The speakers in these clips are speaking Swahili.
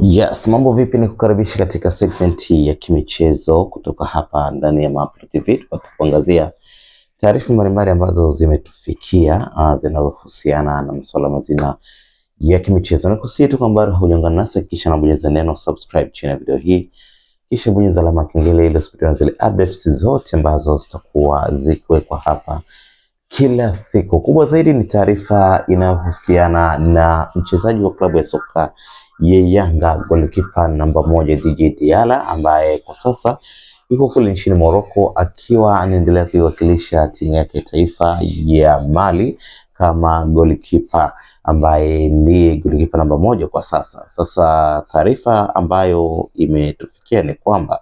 Yes, mambo vipi? Ni kukaribisha katika segment hii ya kimichezo kutoka hapa ndani ya Mapro TV, tukaangazia taarifa mbalimbali ambazo zimetufikia uh, zinazohusiana na masuala mazima ya kimichezo. Nakusihi tu kwamba hujiungana nasi kisha nabonyeza neno subscribe chini ya video hii, kisha bonyeza alama kengele ili usipotee zile updates zote ambazo zitakuwa zikiwekwa hapa kila siku. Kubwa zaidi ni taarifa inayohusiana na mchezaji wa klabu ya soka ye Yanga golikipa namba moja DJ Diarra ambaye kwa sasa yuko kule nchini Morocco akiwa anaendelea kuiwakilisha timu yake taifa ya Mali kama golikipa ambaye ndiye golikipa namba moja kwa sasa. Sasa taarifa ambayo imetufikia ni kwamba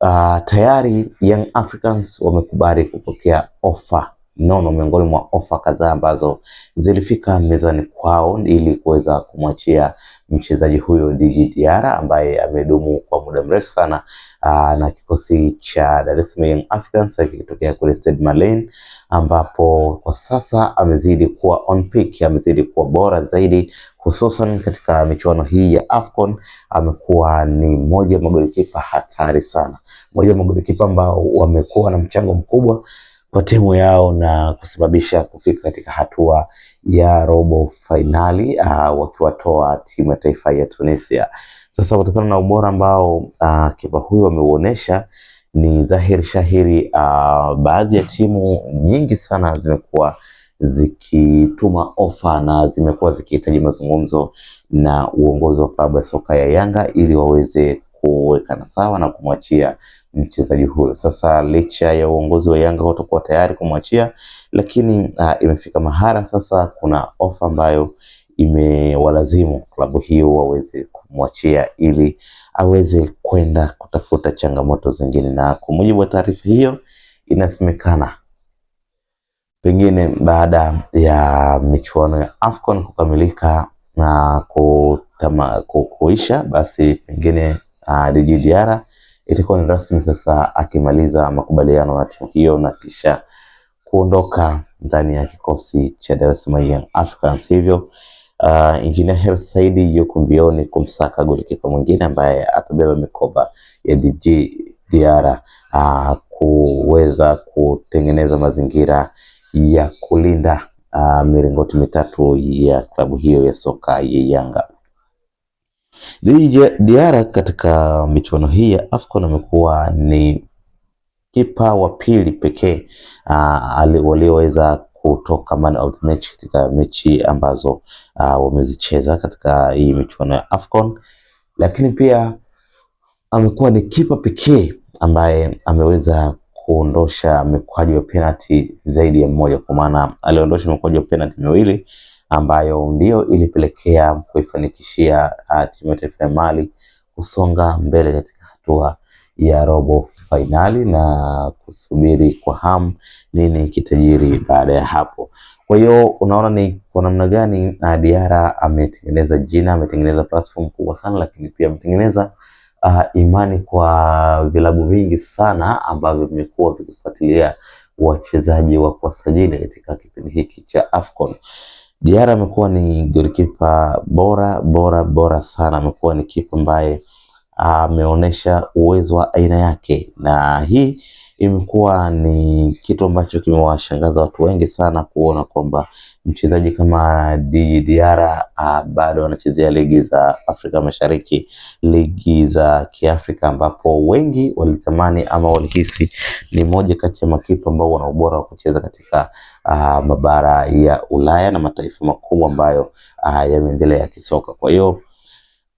uh, tayari Young Africans wamekubali kupokea ofa nono miongoni mwa ofa kadhaa ambazo zilifika mezani kwao ili kuweza kumwachia mchezaji huyo Djigui Diarra ambaye amedumu kwa muda mrefu sana aa, ah, na kikosi cha Dar es Salaam Young Africans akitokea kule Stade Malien, ambapo kwa sasa amezidi kuwa on peak, amezidi kuwa bora zaidi, hususan katika michuano hii ya AFCON. Amekuwa ni moja ya magolikipa hatari sana, moja ya magolikipa ambao wamekuwa na mchango mkubwa kwa timu yao na kusababisha kufika katika hatua ya robo fainali uh, ah, wakiwatoa timu ya taifa ya Tunisia. Sasa kutokana na ubora ambao uh, kipa huyu ameuonesha ni dhahiri shahiri uh, baadhi ya timu nyingi sana zimekuwa zikituma ofa na zimekuwa zikihitaji mazungumzo na uongozi wa klabu ya soka ya Yanga ili waweze kuwekana sawa na kumwachia mchezaji huyo. Sasa licha ya uongozi wa Yanga kutokuwa tayari kumwachia, lakini uh, imefika mahara sasa, kuna ofa ambayo imewalazimu klabu hiyo waweze kumwachia ili aweze kwenda kutafuta changamoto zingine, na kwa mujibu wa taarifa hiyo inasemekana pengine baada ya michuano ya AFCON kukamilika na kutama, kuisha basi pengine uh, ah, Djigui Diarra itakuwa ni rasmi sasa akimaliza makubaliano na timu hiyo na kisha kuondoka ndani ya kikosi cha Dar es Salaam Young Africans. Hivyo uh, Injinia Hersi Said yuko mbioni kumsaka golikipa mwingine ambaye atabeba mikoba ya DJ Diara uh, kuweza kutengeneza mazingira ya kulinda uh, miringoti mitatu ya klabu hiyo ya soka ya Yanga. Diara katika michuano hii ya AFCON amekuwa ni kipa wa pili pekee walioweza kutoka man of the match katika mechi ambazo uh, wamezicheza katika hii michuano ya AFCON, lakini pia amekuwa ni kipa pekee ambaye ameweza kuondosha mikwaju ya penalti zaidi ya mmoja, kwa maana aliondosha mikwaju ya penalti miwili ambayo ndio ilipelekea kuifanikishia timu ya taifa ya Mali kusonga mbele katika hatua ya robo fainali na kusubiri kwa hamu nini kitajiri baada ya hapo. Kwa hiyo unaona ni kwa namna gani Diara ametengeneza jina, ametengeneza platform kubwa sana, lakini pia ametengeneza uh, imani kwa vilabu vingi sana ambavyo vimekuwa vikifuatilia wachezaji wa kuwasajili katika kipindi hiki cha AFCON. Diara amekuwa ni golikipa bora bora bora sana, amekuwa ni kipa ambaye ah, ameonyesha uwezo wa aina yake na hii imekuwa ni kitu ambacho kimewashangaza watu wengi sana kuona kwamba mchezaji kama Djigui Diarra ah, bado anachezea ligi za Afrika Mashariki, ligi za Kiafrika, ambapo wengi walitamani ama walihisi ni moja kati ya makipa ambao wana ubora wa kucheza katika a, ah, mabara ya Ulaya na mataifa makubwa ambayo ah, yameendelea ya kisoka. Kwa hiyo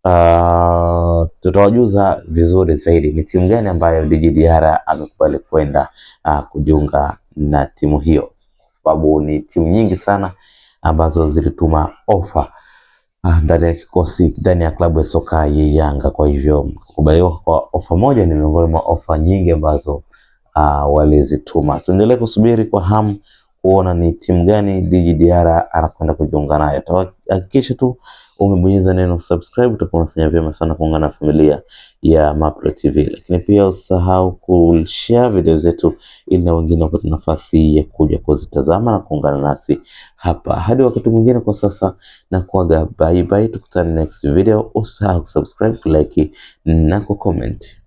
Uh, tutawajuza vizuri zaidi ni timu gani ambayo Djigui Diarra amekubali kwenda uh, kujiunga na timu hiyo, kwa sababu ni timu nyingi sana ambazo zilituma ofa uh, ndani ya kikosi ndani ya klabu ya soka ya Yanga. Kwa hivyo kukubaliwa kwa ofa moja ni miongoni mwa ofa nyingi ambazo uh, walizituma. Tuendelee kusubiri kwa hamu kuona ni timu gani Djigui Diarra anakwenda kujiunga nayo. Tuhakikishe tu umebonyeza neno subscribe, utakuwa unafanya vyema sana kuungana na familia ya Mapro TV. Lakini pia usahau kushare video zetu ili na wengine wapate nafasi ya kuja kuzitazama na kuungana nasi hapa. Hadi wakati mwingine, kwa sasa na kuaga bye bye, tukutane next video. Usahau kusubscribe, kulike na kucomment.